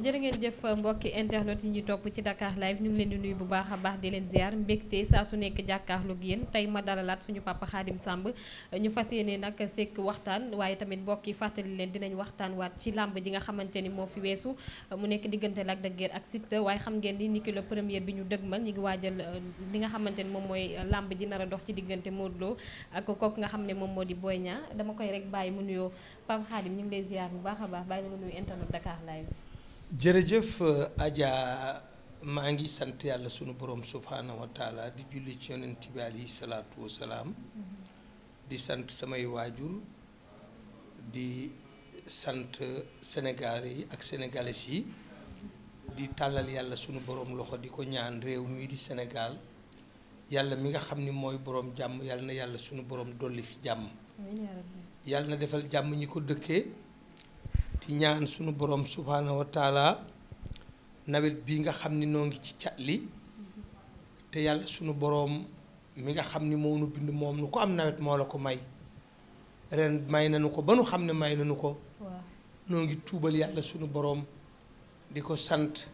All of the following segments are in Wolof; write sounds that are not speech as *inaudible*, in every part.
jërë ngeen jëf mbokki internet yi ñuy topp ci Dakar live ñu ngi leen di nuyu bu baax a baax di leen ziar mbégte saa su nekk jàkkaarlu ak yéen tey ma dalalaat suñu papa Khadim sàmb ñu fas yéene nag sekk waxtaan waaye tamit mbokk yi fàttali leen dinañ waxtaan waat ci làmb ji nga xamante ni moo fi weesu mu nekk diggante Lac de ak Siteu waaye xam ngeen ni ni ki bi ñu dëgmal ñu ngi waajal euh, li nga xamante ni moom mooy euh, làmb ji nar a dox ci diggante Modou Lo ak kooku nga xam ne moom moo di Boy Niang dama koy rek bàyyi mu nuyoo papa Khadim ñu ngi lay ziar bu baax a baax bàyyi la nga nuyu jërëjëf euh, Adja maa ngi sant yàlla sunu borom subhaanahu di julli ci yonent bi alayhi salaatu wasalaam mm-hmm. di sant samay waajur di sant Sénégal yi ak sénégalais yi di tàllal yàlla sunu borom loxo di ko ñaan réew mii di Sénégal yàlla mi nga xam ni mooy borom jàmm yàlla na yàlla sunu borom dolli fi jàmm yàlla na defal jàmm ñi ko dëkkee di ñaan sunu boroom subhaanahu wa nawet bi nga xam ni noo ngi ci cat li te yàlla sunu boroom mi nga xam ni moo nu bind moom nu ko am nawet moo la ko may ren may nañu ko ba nu xam ne may nañu ko noo ngi tuubal yàlla sunu boroom di ko sant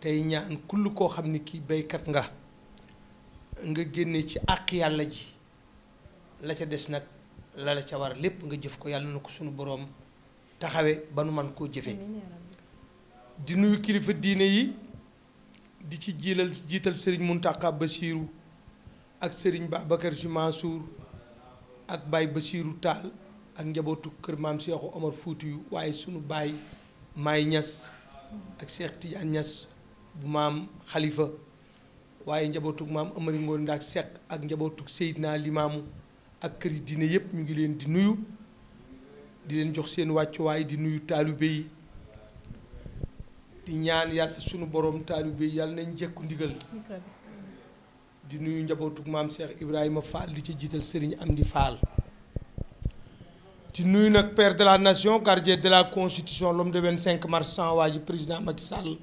tey ñaan kull koo xam ni kii béykat nga nga génne ci àq yàlla ji la ca des nag la la ca war lépp nga jëf ko yàlla na ko sunu boroom taxawe ba nu man koo jëfee di nuyu kilifa diine yi di ci jiilal jiital sëriñ Muntaqa Basiiru ak sëriñ Babacar Si Mansour ak baay Basiiru Taal ak njabootu kër maam Seexu Omar Fuuti yu waaye sunu baay Maay Ñas ak Seex Tijaan Ñas bu maam Xalifa waaye njabootuk maam Amari Ngoor Ndaak Seck ak njabootuk Seydina Limaamu ak këri diine yépp ñu ngi leen di nuyu di leen jox seen wàccuwaay di nuyu taalibe yi di ñaan yàlla sunu borom taalibe yi yàlla nañ njekku ndigal di nuyu njabootuk maam Cheikh Ibrahima Fall di ci jiital Serigne Amdi Fall di nuyu nag père de la nation gardien de la constitution l'homme de 25 mars sans waa ji président Macky Sall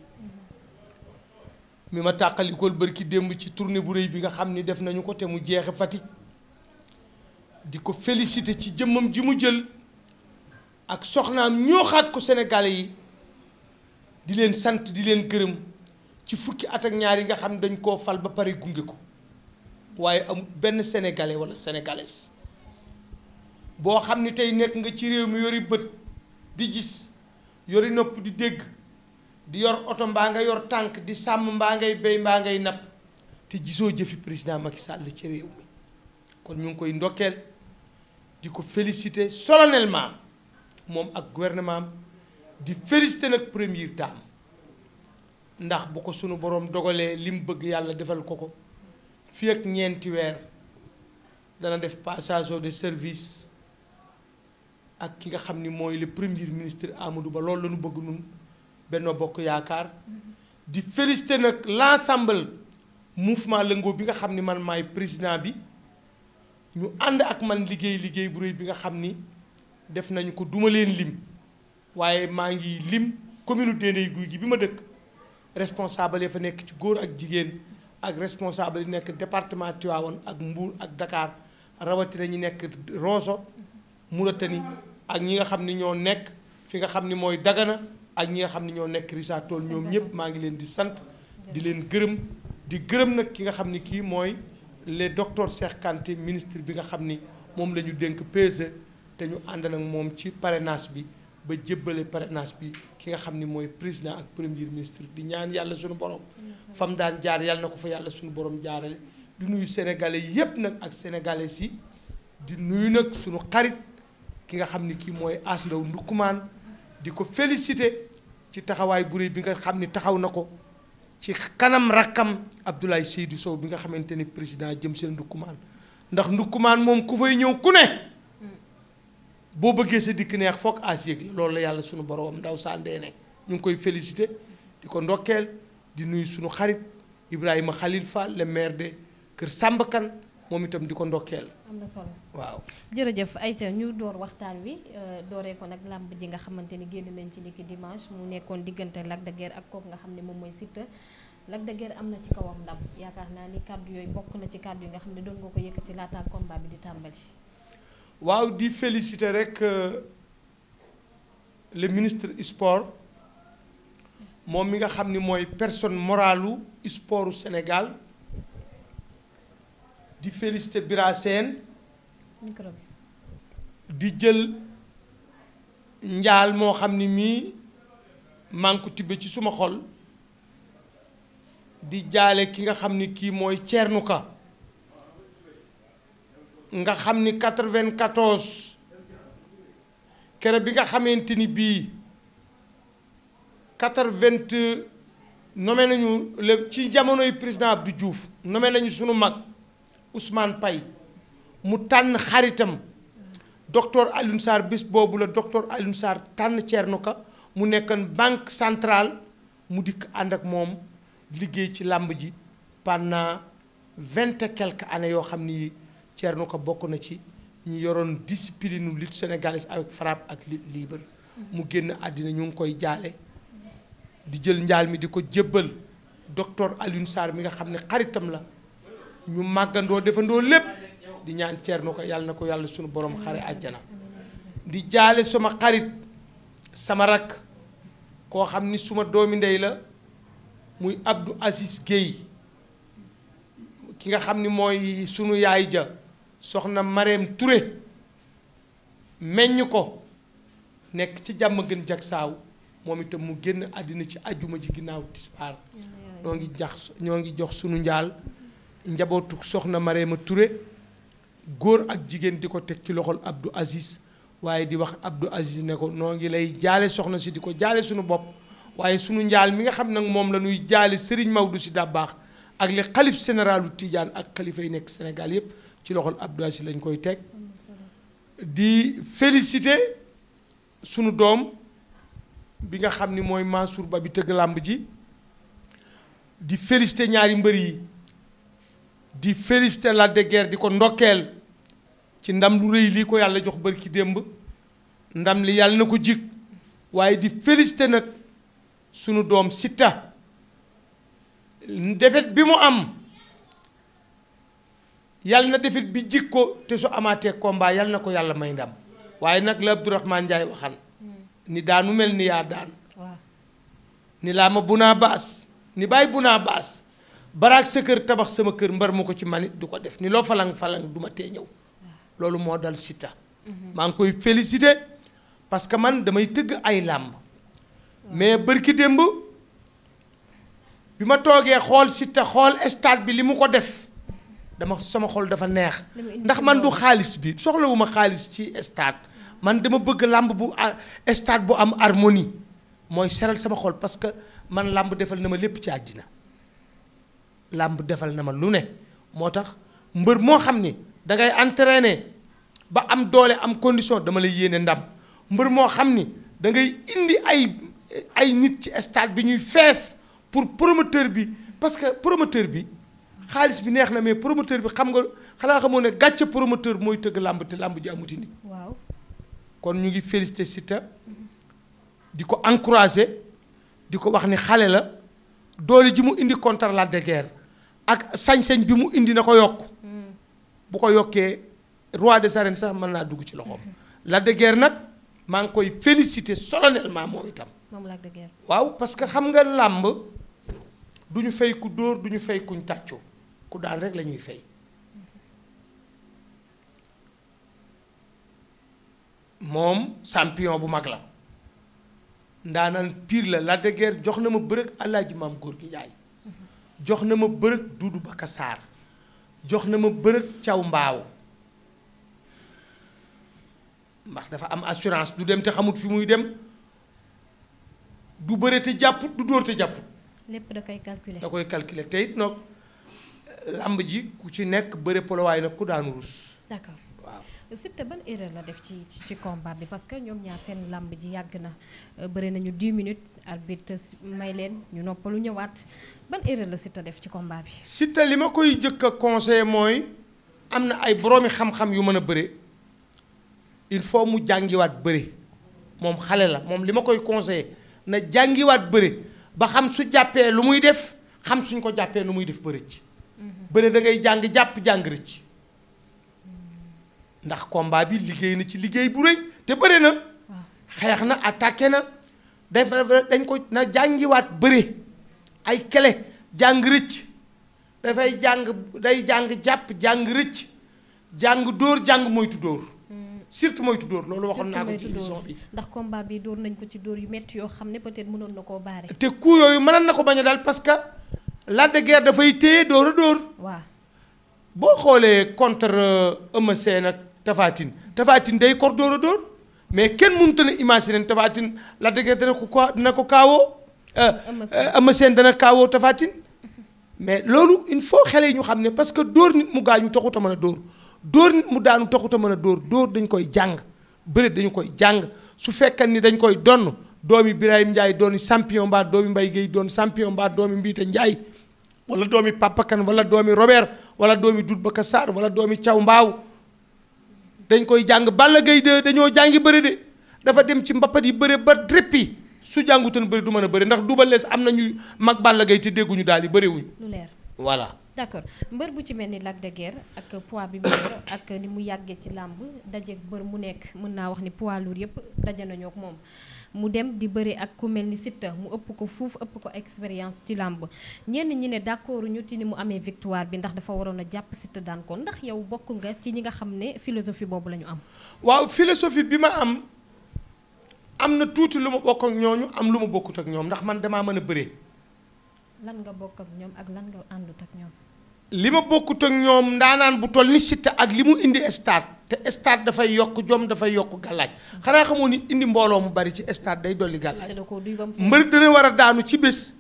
mi ma tàqalikool bërki démb ci tournée bu rëy bi nga xam ni def nañu ko te mu jeexe Fatick di ko félicité ci jëmmam ji mu jël ak soxnaam ñoo xaat ko Sénégalais yi di leen sant di leen gërëm ci fukki at ak ñaar yi nga xam dañ koo fal ba pare gunge ko waaye amul benn sénégalais wala sénégalaise boo xam ni tey nekk nga ci réew mi yori bët di gis yori nopp di dégg di yor oto mbaa nga yor tànk di sàmm mbaa ngay béy mbaa ngay napp te gisoo jëfi président Macky Sall ci réew mi kon ñu ngi koy ndokkeel di ko féliciter solennellement moom ak gouvernement di félicité nag première dame ndax bu ko sunu borom dogalee li bëgg yàlla defal ko ko fi ak ñeenti weer dana def passation de service ak ki nga xam ni mooy le premier ministre Amadou Ba loolu la bëgg nun Benno Bokk Yaakaar di félicité nag l' ensemble mouvement lëngoo bi nga xam ni man may président bi ñu ànd ak man liggéey liggéey bu réy bi nga xam ni def nañu ko duma leen lim waaye maa ngi lim commune Dendeye Gouy Gui bi ma dëkk responsable ya fa nekk ci góor ak jigéen ak responsable yi nekk département Tivaouane ak Mbour ak dakaar rawatina ñi nekk Rosso Mauritanie ak ñi nga xam ni ñoo nekk fi nga xam ni mooy Dagana ak ñi nga xam ni ñoo nekk Richard Toll ñoom ñëpp maa ngi leen di sant di leen gërëm di gërëm nag ki nga xam ni kii mooy le docteur Cheikh Kanté ministre bi nga xam ni moom la ñu dénk PSE te ñu ànd nag moom ci parrainage bi ba jébbale parrainage bi ki nga xam ni mooy président ak premier ministre di ñaan yàlla suñu borom. fam daan jaar yàlla na ko fa yàlla suñu borom jaarale. di nuyu sénégalais yépp nag ak sénégalais yi di nuyu nag suñu xarit ki nga xam ni kii mooy As Ndaw di ko félicité ci taxawaay bu bi nga xam ni taxaw na ko ci kanam rakkam Abdoulaye Seydou Sow bi nga xamante ni président jëm seen Ndoukoumane ndax Ndoukoumane moom ku ñëw ku ne. boo bëggee sa dikk neex foog as lool la yàlla sunu borom ndaw sàndee ne ñu ngi koy félicité di ko ndokkeel di nuyu sunu xarit Ibrahima Khalil fa le maire de Kër Samba Kane moom itam di ko ndokkeel. am na solo waaw. jërëjëf Aïcha ñu door waxtaan wi euh, dooree ko nag làmb ji nga xamante ni génn nañ ci niki dimanche mu nekkoon diggante Lac de Guiers ak kooku nga xam ne moom mooy Siteu Lac de Guiers am na ci kawam ndaw yaakaar naa ni kàddu yooyu bokk na ci kàddu yi nga xam ne doon nga ko yëkkati laataa combat bi di tàmbali. waaw di féliciter rek euh, le ministre sport moom mi nga xam ni mooy personne moralu sportu Sénégal di féliciter Bira Sène di jël njaal moo xam ni mii maa ngi ko tibbee ci suma xol di jaale ki nga xam ni kii mooy Thierno Ka nga xam ni vingt 94 kere bi nga xamante ni bii vingt nome nañu le ci jamonoy président Abdou Diouf nommé nañu sunu mag Ousmane pay mu tànn xaritam docteur Alioune Sarr bis boobu la docteur Alioune Sarr tànn Thierno Ka mu nekk banque centrale mu dikk ànd ak moom liggéey ci làmb ji pendant vingt et quelques années yoo xam nii Thierno Ka bokk na ci ñu yoroon discipline lit sénégalaise avec frappe ak lutte libre mu génn àddina ñu ngi koy jaale di jël njaal mi di ko jébbal docteur Alioune Sarr mi nga xam ne xaritam la ñu màggandoo defandoo lépp di ñaan Thierno Ka yàlla na ko yàlla sunu borom xare àjjana di jaale sama xarit sama rakk koo xam ni suma doomi ndey la muy Abdou asis Guèye ki nga xam ni mooy sunu yaay ja soxna Mareem Touré meññ ko nekk ci jàmm gën jag saaw moom itam mu génn àddina ci àjjuma ji ginnaaw tisbaar ñoo ngi jax ñoo ngi jox sunu njaal njabootu soxna Mareema Touré góor ak jigéen di ko teg ci loxol Abdou Aziz waaye di wax Abdou Aziz ne ko noo ngi lay jaale soxna si di ko jaale sunu bopp waaye sunu njaal mi nga xam nag moom la ñuy jaale Serigne Maodo si Dabaax ak li xalif généralu Tidiane ak xalifa yi nekk Sénégal yépp ci loxol Abdou Aziz lañ koy teg di féliciter sunu doom bi nga xam ni mooy Mansour Ba bi tëgg làmb ji di féliciter ñaari mbër yi di féliciter Lac de Guiers di ko ndokkeel ci ndam lu rëy lii ko yàlla jox bër ki démb ndam li yàlla na ko jig waaye di féliciter nag sunu doom Siteu defet bi mu am yàlla na defit bi jikko te su amaatee combat yàlla na ko yàlla may ndam waaye nag la Abdourahmane Ndiaye waxan ni daanu mel ni yaa daan ni laa ma bu ni bàyyi bu naa baas baraag sa kër tabax sama kër mbar mu ko ci manit du ko def ni loo falan falang du ma tee ñëw loolu moo dal Siteu mhm. maa ngi koy félicité parce que man damay tëgg ay làmb mais bërki démb bi ma toogee xool Siteu xool stade bi li mu ko def dama sama xol dafa neex ndax man du xaalis bi soxlawuma xaalis ci stade man dama bëgg làmb bu ah, stade bu am harmonie mooy seral sama xol parce que man làmb defal na ma lépp ci àddina làmb defal na ma lu ne moo tax mbër moo xam ni da ngay entraîner ba am doole am condition dama lay yéene ndam mbër moo xam ni da ngay indi ay ay nit ci stade bi ñuy fees pour promoteur bi parce que promoteur bi xaalis bi neex na mais promoteur bi xam nga xanaa xamoo ne gàcce promoteur mooy tëgg làmb te làmb ji amuti nit waaw kon ñu ngi félicité sita di ko encouragé di ko wax ni xale la doole ji mu indi contre la de guerre ak sañ-sañ bi mu indi na ko yokk mm. bu ko yokkee roi de arènes sax man naa dugg ci loxoom. la *laughs* de guerre nag maa ngi koy félicité solennellement moom itam. moom la waaw parce que xam nga làmb du ñu fay ku dóor du ñu fay kuñ tàccoo. ku daan rek la ñuy moom champion bu mag la ndaanaan piir la Lac de jox na ma bërëg alaaji maam góor gi njaay jox na ma bërëg duudu bakka saar jox na ma bërëg caw mbaaw ndax dafa am assurance du dem te xamut fi muy dem du bëre te jàpput du dóor te jàpput lépp da koy calculer da koy calculer te it làmb ji ku ci nekk bëre polowaay nag ku daanu rus. d'accord waaw. Siteu ban erreur la def ci ci combat bi parce que ñoom ñaar seen làmb ji yàgg na euh, bëri nañu 10 minutes arbitre may leen ñu noppalu ñëwaat ban erreur la Siteu def ci combat bi. Siteu li ma koy jëkk a conseil mooy am na ay boroomi xam-xam yu mën a bëre il faut mu jàngiwaat bëre moom xale la moom li ma koy conseillé na jàngiwaat bëre ba xam su jàppee lu muy def xam suñ ko jàppee lu muy def bëre ci. Mhm. bëre da ngay jàng jàpp jàng rëcc ndax combat bi liggéey na ci liggéey bu rëy te bëre na xeex na attaqué na day dañ ko na jàngiwaat bëre ay kele jàng rëcc dafay jàng day jàng jàpp jàng rëcc jàng dóor jàng moytu dóor mm. surtout moytu dóor loolu waxoon naa ko ci émission bi ndax komba bi dóor nañ ko ci dóor yu metti yoo xam ne peut-être mënoon na koo baare te coup yooyu mënoon na ko bañ daal parce que Lac de dafay téye dóor a dóor. waaw boo xoolee contre euh, Eumeu Sène ak Tapha Tine Tapha Tine day kor dóor a dóor mais kenn mënut a imaginer Tapha Tine Lac de Guiers dana ko ko dina ko kaawoo. Euh, euh, Eumeu Sène dana kaawoo Tapha mais loolu il faut xale yi ñu xam ne parce que dóor nit mu gaañu taxut a mën a dóor dóor nit mu daanu taxut a mën a dóor dóor dañ koy jàng bëre dañu koy jàng su fekkee ni dañ koy donn doomi Birahim Ndiaye doon champion mbaa doomi Mbaye Guèye doon sampion mbaa doomi Mbiite Ndiaye wala doomi Papa Kane wala doomi Robert wala doomi Doudou Baka Sarr wala doomi caw Mbaaw dañ koy jàng Balla Gaye 2 dañoo jàngi bëri de dafa dem ci mbappat yi bëre ba dréppi su jàngutoon bëri du mën a bëri ndax Double Less am na ñuy mag Balla Gaye te dégguñu daal yi bëriwuñu. lu leer voilà. d'accord mbër bu ci mel ni Lac de ak pois bi mu ak ni mu yàggee ci làmb dajeeg mbër mu nekk mën naa wax ni poids lourd yëpp daje nañoo ak moom. mu dem di bëri ak ku mel ni Siteu mu ëpp ko fuuf ëpp ko expérience ci làmb ñenn ñi ne d'accord ñu ti ni mu amee victoire bi ndax dafa waroon a jàpp Siteu daan ko ndax yow bokk nga ci ñi nga xam ne philosophie boobu la ñu am. waaw philosophie bi ma am am na tuuti lu ma bokk ak ñooñu am lu ma bokkut ak ñoom ndax man damaa mën a bëree. lan nga bokk ak ñoom ak lan nga àndut ak ñoom. li ma bokkut ak ñoom ndaanaan bu toll ni Siteu ak li mu indi stade te stade dafay yokk jom dafay yokk gàllaaj xanaa xamoo ni indi mbooloo mu bari ci stade day dolli gàllaaj mbër dana war a daanu ci bés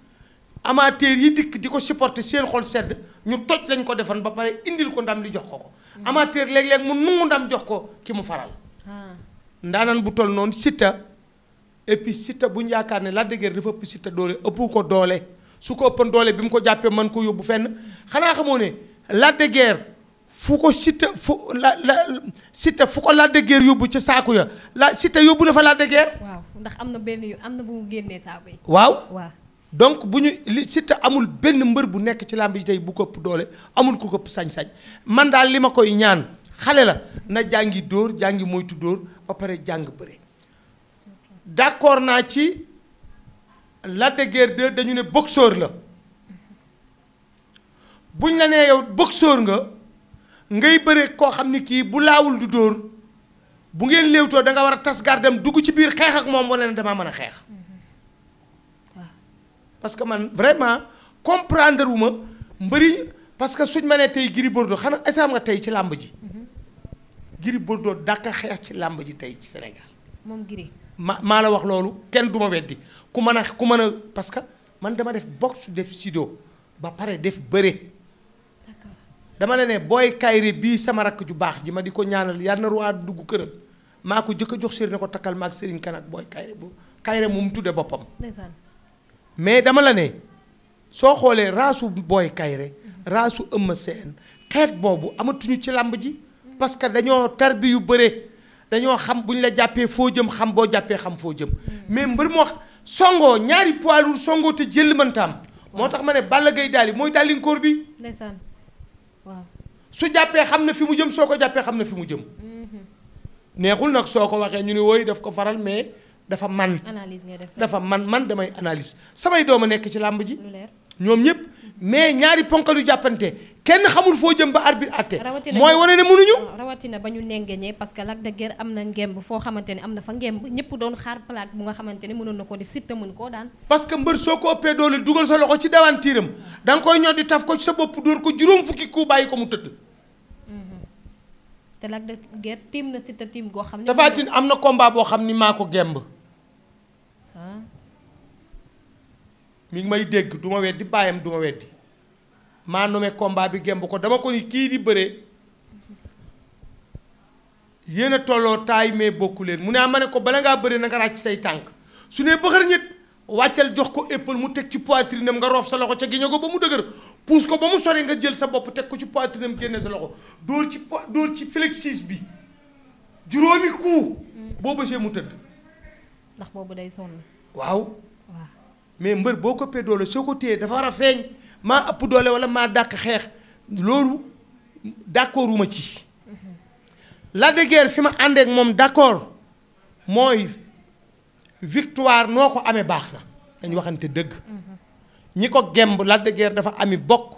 amateur yi dikk di ko supporter seen xol sedd ñu toj lañ ko defan ba pare indil ko ndam li jox ko ko hmm. amateur léeg-léeg mu nungu ndam jox ko ki mu faral ah. ndaanaan bu toll noonu Siteu et puis buñ yaakaar ne Lac de Guiers dafa ëpp Siteu doole ëppu ko doole su ko ëppan doole bi mu ko jàppee man ko yóbbu fenn xanaa xamoo ne Lac fu ko Siteu fu la la Siteu fu ko Lac de yóbbu ca saaku ya la Siteu yóbbu na fa Lac waaw ndax am na benn yu am na bu mu génnee saaku yi. waaw waaw. donc bu ñu li Siteu amul benn mbër bu nekk ci làmb ji bu këpp doole amul ko ëpp sañ-sañ man daal li ma koy ñaan xale la na jàngi dóor jàngi moytu dóor ba pare jàng bëre d'accord naa ci Lac de Guiers dañu ne boksoor la buñ la nee yow boxeur nga ngay bëre koo xam ni kii bu laawul du dóor bu ngeen léewtoo danga war a tas gardam dugg ci biir xeex ak moom wala ne damaa mën a xeex mm-hmm. parce que man vraiment comprendre wu ma mbëri parce que suñ ma nee tey Gris Bordeaux xanaa asaam nga tey ci làmb ji. Mm-hmm. Gris Bordeaux dàq xeex ci làmb ji tey ci senegal moom Gris. ma maa la wax loolu kenn du ma weddi ku mën a ku mën a parce que man dama def boxe def judo ba pare def bëre dama la ne booy kayri bii sama rakk ju baax ji ma di ko ñaanal yàlla na ruwaat dugg këram maa ko jëkk jox sëriñ ne ko takkal maag sëriñ kan ak booy kayri bu kayri mu mu tuddee boppam mais dama la ne soo xoolee raasu booy kayre mhm. raasu ëmm seen xeet boobu amatuñu ci làmb ji parce que dañoo tarbi yu bëre dañoo xam bu ñu la jàppee foo jëm xam boo jàppee xam foo jëm mhm. mais mbër moo songo ñaari poids lourds songoo te jël mëntaam moo tax ma ne Balla gay daal yi mooy dàllinkoor bi. ndeysaan waaw. su jàppee xam na fi mu jëm soo ko jàppee xam na fi mu jëm. Mm-hmm. neexul nag soo ko waxee ñu ne wooy daf ko faral mais dafa man. analyse ngay def dafa man man damay analyse samay doom a nekk ci làmb ji. ñoom ñëpp. mais ñaari ponkal yu jàppante kenn xamul foo jëm ba arbitre àtte mooy wane ne mënuñu rawatina ba ñu nengeñee parce que Lac de Guiers am na ngemb foo xamante ne am na fa ngemb ñëpp doon xaar palaat bu nga xamante ne mënoon na koo def Siteu mën koo daan parce que mbër soo ko ëppee doole dugal sa loxo ci dawantiiram da nga koy ñoo di taf ko ci sa bopp dóor ko juróom fukki ku bàyyi ko mu tëdd mhm. te Lac de Guiers tiim na Siteu tiim goo xam ne Tapha Tine am na combat boo xam ni maa ko gemb ah. mi ngi may dégg du ma weddi bàyyam du ma weddi maa nommé combat bi gemb ko dama ko ni kii di bëree yéen a tolloo taay mais bokku leen mu ne ah ma ne ko bala ngaa bëree na nga ràcc say tànk su ne bëxër ñett wàccal jox ko épaule mu teg ci poitrine am nga roof sa loxo ca giño ko ba mu dëgër puus ko ba mu sori nga jël sa bopp teg ko ci poitrine am génne sa loxo dóor ci po dóor ci flexis bi juróomi coup. Mm. boo bësee mu tëdd. ndax boobu day sonn. waaw. mais mbër boo ko doole soo ko téyee dafa war a feeñ maa ëpp doole wala maa dàq xeex loolu d'accorduma ci Lac de fi ma àndee ak moom d'accord mooy victoire noo ko amee baax na dañ waxante dëgg ñi ko gemb Lac de dafa ami bokk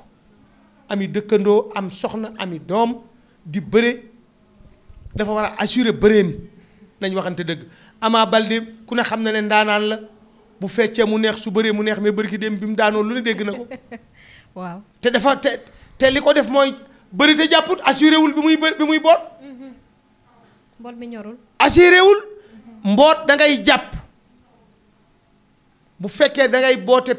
ami dëkkandoo am soxna ami doom di bëre dafa war a assurer bëreem nañ waxante dëgg Ama Baldé ku ne xam na ne ndaanaan la bu fekkee mu neex su bëree mu neex mais bari ki dem bi mu daanoo lu ne dégg na ko. *laughs* waaw te dafa te te li ko def mooy bëri te jàpput assuré wul bi muy bë bi muy boot. mboot mm-hmm. mi ñorul. assuré wul mboot da ngay jàpp bu fekkee dangay boote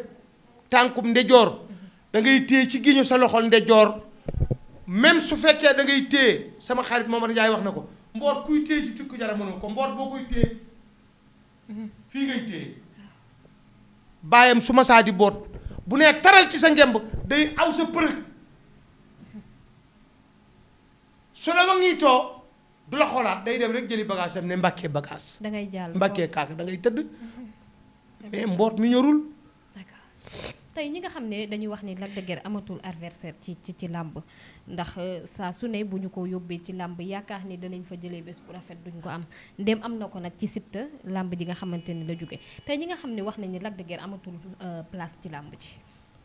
tànkum ndejoor mm-hmm. da ngay téye ci giñu sa loxol ndejoor même su fekkee da ngay téye sama xarit Momar Ndiaye wax na ko mboot kuy téye ci tukku jara mënoo ko mboot boo koy téye mm-hmm. fii ngay téye. baayam su ma saa di boot bu nee taral ci sa njëmb day aw sa përëg su la ma ngi too du la xoolaat day dem rek jëli bagage am ne mbàkkee bagage. da ngay jàll mbàkkee kaak da ngay tëdd mais mboot mi ñorul. tey ñi nga xam ne dañuy wax ni Lac amatul adversaire ci ci ci làmb ndax euh, saa su ne bu ñu ko yóbbee ci làmb yaakaar ni danañ fa jëlee bés bu rafet duñ ko am ndem am na ko nag ci Siteu làmb ji nga xamante ni la jóge tey ñi nga xam ne wax nañ ni Lac de Guiers amatul euh, place ci làmb ji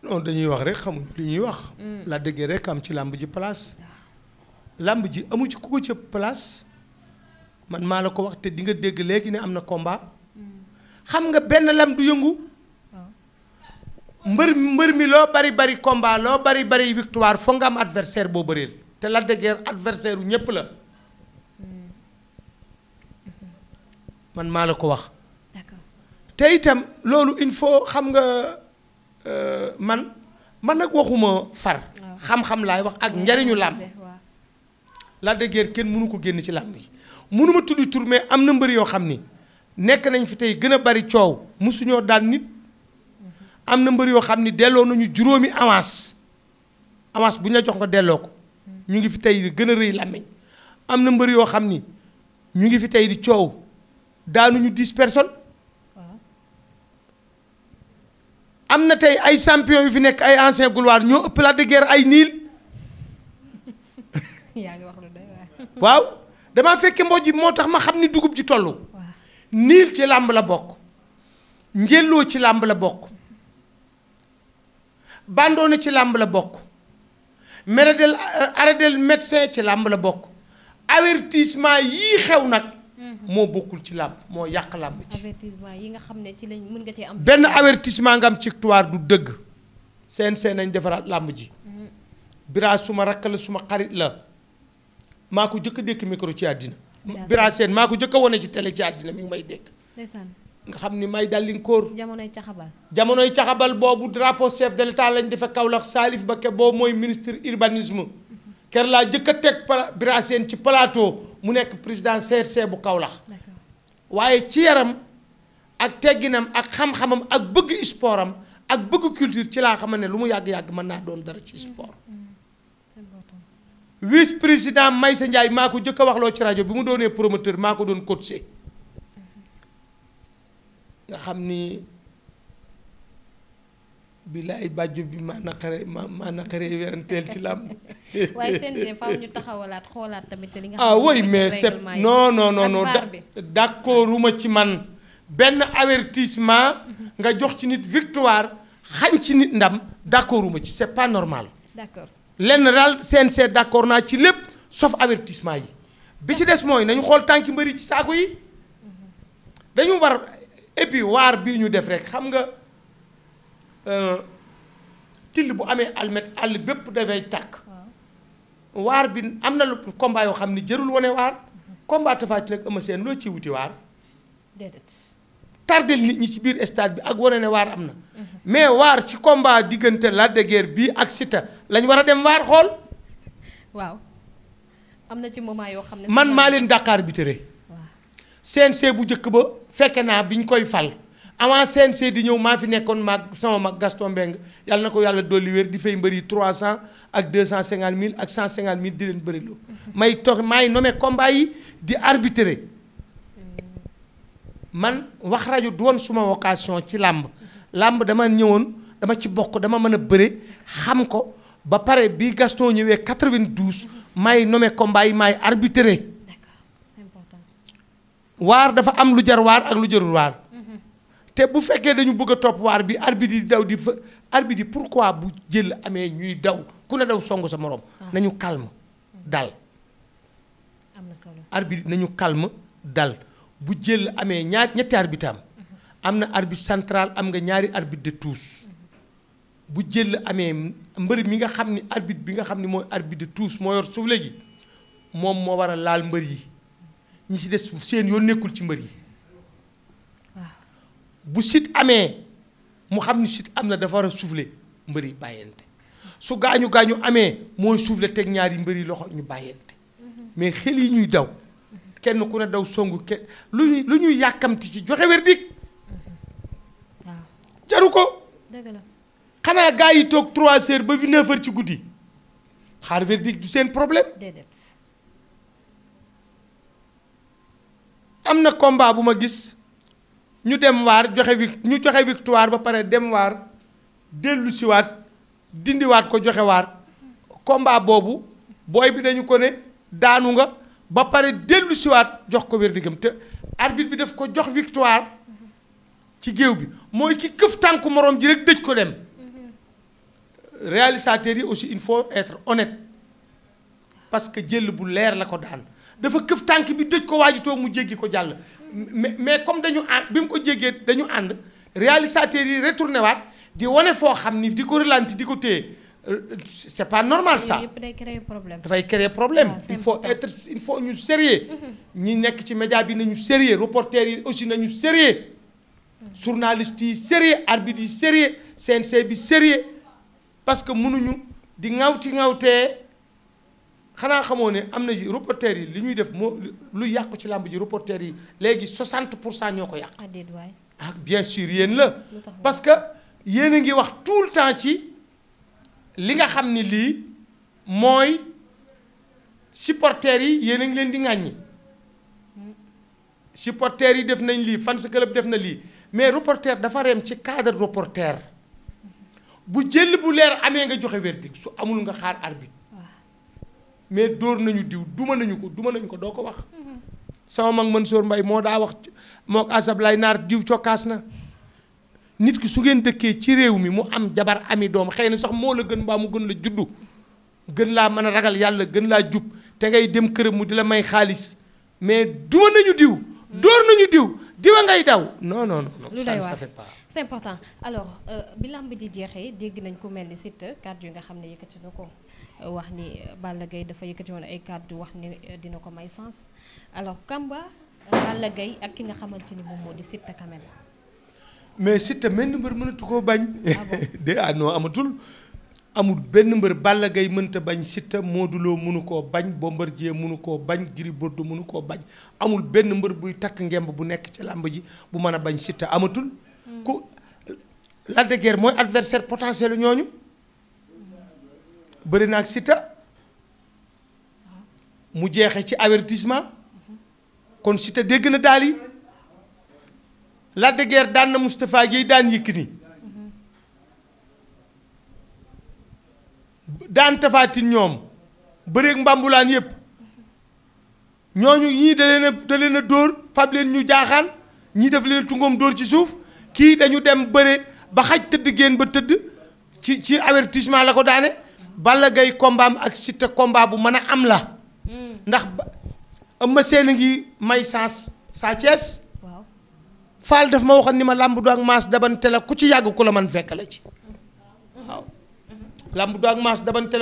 non dañuy wax rek xamuñu li ñuy wax mm. la de rek am ci làmb ji place làmb ji amu ci ku ko cëpp place man maa la ko wax te di nga dégg léegi ne am na komba mm. xam nga benn lam du yëngu mbër mbër mi loo bari bari combat loo bari bari victoire foog nga am adversaire boo bëreel te Lac de Guiers adversaire u ñépp la man maa la ko wax te itam loolu il faut xam nga euh, man man nag waxuma far ah. xam-xam laay wax ak njariñu làmb Lac de kenn mënu ko génn ci làmb yi mënuma tudd tur mais am na mbër yoo xam ni nekk nañ fi tey gën a bari coow mosuñoo daan nit am na mbër yoo xam ni delloo nañu juróomi avance avance bu ñu la jox nga delloo ko ñu ngi fi tey di gën a rëy làmmiñ am na mbër yoo xam ni ñu ngi fi tey di coow daanuñu dix personne am na tey ay champion yu fi nekk ay ancien gloire ñoo ëpp la de guerre ay niil *laughs* yaa ngi wax lu doy waaw damaa fekke mboj moo tax ma xam ni dugub ji toll niil ci làmb la bokk njëlloo ci làmb la bokk bandoona ci làmb la bokk meredel aradel médecin ci làmb la bokk avertissement yii xew nag mhm. moo bokkul ci làmb moo yàq làmb ci avertissement yi nga xam ne ci lañ mën nga cee am benn avertissement nga am ci victoire du dëgg seen seen nañ defaraat làmb ji mhm. Bira suma rakk la suma xarit la maa ko jëkk dékk micro ci àddina Bira Sène maa ko jëkk wone ci télé ci àddina mi ngi may dégg nga xam ni may dàllinkóor jamonoy caxabal jamonoy caxabal boobu drapeau chef de l'état lañ defe Kaolack ba Bakke boobu mooy ministre urbanisme ker laa jëkk a teg Biraseen ci plateau mu nekk président CRC bu Kaolack waaye ci yaram ak tegginam ak xam-xamam ak bëgg sportam ak bëgg culture ci laa xam ne lu mu yàgg-yàgg mën naa doon dara ci sport mm, mm, vice président Maysa Ndiaye maa ko jëkk a waxloo ci rajo bi mu doonee promoteur maa ko doon nga xam ni bilaay bàjju bi maa naqare ma maa naqare weranteel ci làmb. *laughs* taxawalaat xoolaat tamit li nga ah, xam ah oui mais c'est non non non non d'accorduma ci man benn avertissement mhm. nga jox ci nit victoire xañ ci nit ndam d'accorduma ci c'est pas normal. d'accord lenn daal CNG d'accord naa ci lépp sauf avertissement yi bi ci des mooy nañu xool tànki mbëri ci saako yi mhm. dañu war. et waar bii ñu def rek xam nga euh, till bu amee almet àll bépp dafay takk waar bi am na lu combat yoo xam ni jërul wane waar mhm. combat tafaati nag ëma seen loo ci wuti waar déedéet tardel nit ñi ci biir stade bi ak wane ne waar am na mhm. mais waar ci combat diggante Lac de Guiers ak Siteu lañ war a dem waar xool waaw am na ci moment yoo xam ne man maa leen Dakar bi tëre CNC bu njëkk ba fekke naa bi ñu koy fal avant CNC di ñëw maa fi nekkoon maag sama mag Gaston Mbengue yàlla na ko yàlla dolli wér di fay mbëri 300 ak 250 mille ak 150 mille di leen bëriloo may tox maay nommé combat yi di arbitrer man wax rajo du woon suma vocation ci làmb làmb dama ñëwoon dama ci bokk dama mën a bëre xam ko ba pare bi Gaston ñëwee 92 may nommé combat yi maay arbitrer waar dafa am lu jar ak lu jarul waar te bu fekkee dañu bëgg a topp waar bi arbitre di daw di fa arbitre di pourquoi bu jël amee ñuy daw ku ne daw songu sa morom. Ah. nañu kalm dal. am nañu calme dal bu jël amee ñaar ñetti arbitre am. Mhm. am na arbitre central am nga ñaari arbitre de tous. Mhm. bu jël amee mbër mi nga xam ni arbitre bi nga xam ni mooy arbitre de tous moo yor suuf léegi moom moo war a laal mbër yi. ñi ci des seen yoon nekkul ci mbër yi bu sit amee mu xam ni sit am na dafa war a souffler mbër yi bàyyante su gaañu gaañu amee mooy souffler teg ñaari mbër loxo ñu bàyyante mm-hmm. mais xel yi ñuy daw kenn ku ne daw songu kenn lu ñuy lu ñuy yàkkamti ci joxe verdict mm-hmm. jaru ko xanaa gaa yi toog trois heures ba neuf heures ci guddi xaar verdict du seen problème am na combat bu ma gis ñu dem waar joxe vi ñu joxe victoire ba pare dem waar dellu siwaat dindiwaat ko joxe waar combat boobu booy bi dañu ko ne daanu nga ba pare dellu siwaat jox ko wér diggam te arbitre bi daf ko jox victoire ci géew bi mooy ki këf tànk moroom ji rek dëj ko dem réalisateur yi aussi il faut être honnête parce que jël bu leer la ko daan dafa këf tànk bi dëj ko waaji toog mu jéggi ko jàll mais comme dañu ànd bi ko jéggee dañu ànd réalisateur yi retourné waat di wane foo xam ni di ko ralenti di ko téye euh, c'est pas normal ça dafay créer problème dafay créer problème il faut être il faut ñu sérieux mhm. ñi nekk ci média bi nañu sérier reporters yi aussi nañu sérieux mhm. journalistes yi sérieux arbitres yi sérieux CNC bi sérieux parce que mënuñu di ŋawti ŋawtee xanaa xamoo ne am na ji reporter yi li ñuy def moo lu yàqu ci làmb ji reporter yi léegi 60 pour cent ñoo ko yàq. ah, ah bien sûr yéen la. parce que yéen a ngi wax tout le temps ci li nga xam ni lii mooy supporters yi yéen a ngi leen di ŋàññi. Hmm. supporters yi def nañ lii fan sa club def na lii mais reporter dafa reem ci cadre reporter hmm. bu jël bu leer amee nga joxe verdict su amul nga xaar arbitre. mais dóor nañu diw duma nañu ko duma nañu ko doo ko wax. Mhm. sama mag Mansour mbay moo daa wax mook asab lay naar diw cokkaas na nit ki su ngeen dëkkee ci réew mi mu am jabar ami doom xëy na sax moo la gën mbaa mu gën la juddu gën laa mën a ragal yàlla gën laa jub te ngay dem këram mu di la may xaalis mais duma nañu diw. Mhm. dóor nañu diw. diwa ngay daw non non non. lu lay wax c'est important alors euh, bi lamb ji jeexee dégg nañ ku mel ni Siteu kàddu yi nga xam ne yëkkati na ko. wax ni Balla Gaye dafa yëkkati ay kàddu wax ni eh, dina ko may sens alors Kamba Balla ak ki nga xamante ni moom moo di Siteu quand même. mais Siteu benn mbër mënatu koo bañ. Ah *laughs* de ah amatul. amul benn mbër Balla Gaye mënta bañ Siteu Modou mënu koo bañ Bombardier mënu koo bañ Gris mënu koo bañ amul benn mbër buy takk ngemb bu nekk ci làmb ji bu mën a bañ Siteu amatul. Hmm. ku Lac de Guiers mooy adversaire potentiel ñooñu. bëri naa ak Siteu mu jeexe ci avertissement kon Siteu dégg na daal yi Lac de daan na Moustapha Guèye daan Yékini daan Tapha Tine ñoom bëreeg mbambulaan yépp ñooñu ñii da leen a dóor fab leen ñu jaaxaan ñii daf leen tungoom dóor ci suuf kii dañu dem bëri ba xaj tëdd génn ba tëdd ci ci avertissement la ko daane Balla Gaye kombaam ak Siteu komba bu mën a am la. Hmm. ndax Eumeu seen a ngi may sans Sa Thiès. waaw Fall daf ma waxoon ni ma làmb du ak maas dabante la ku ci yàgg ku la man fekk la ci waaw. Hmm. làmb du ak maas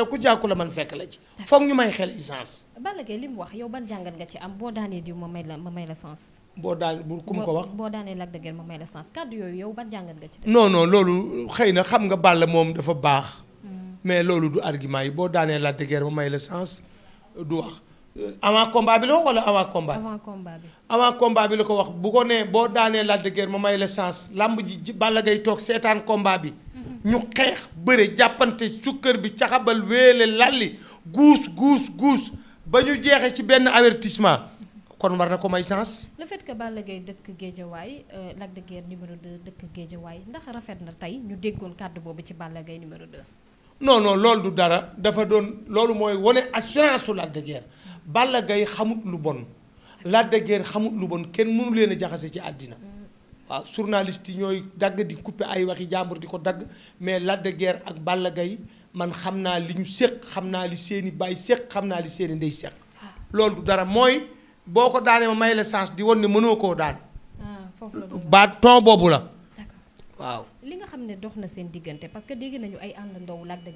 ku ci yàgg ku la fekk la ci. foog ñu may xel sans. Balla Gaye li mu wax yow ban jàngat nga ci am boo daanee diw ma may la ma may la sans. boo daan bu ku ma ko wax boo daanee Lac de Guiers ma may la sans kàddu yooyu yow ban jàngat nga ci. non loolu xëy na xam nga la moom dafa baax. mais loolu du argument yi boo daanee Lac de Guiers ba may la sens euh, du wax euh, avant combat bi la wax wala avant combat avant combat bi avant la ko wax bu ko nee boo daanee Lac de Guiers may la sens làmb ji Balla Gaye toog seetaan combat bi mhm. ñu xeex bëre jàppante sukkër bi caxabal wéele lalli guus guus guus ba ñu jeexee ci benn avertissement kon war na ko may sens. le fait que Balla Gaye dëkk Géejawaay euh, Lac de Guiers numéro 2 dëkk Géejawaay ndax rafet na tey ñu déggoon kàddu boobu ci Balla Gaye numéro 2. non non loolu du dara dafa doon loolu mooy wane assurance su Lac de Balla Gaye xamut lu bon Lac de Guiers xamut lu bon kenn mënu leen a jaxase ci àddina waaw journaliste yi ñooy dagg di couper ay waxi jàmbur di ko dagg mais Lac ak Balla gay man xam naa li ñu séq xam naa li seeni baay séq xam naa li seeni ndey séq ah. loolu du dara mooy boo ko daanee ma may la chance di won ne mënoo koo daan. Ah, ba ton boobu la waaw. li nga xam ne dox na seen diggante parce que dégg nañu ay ànd ndaw Lac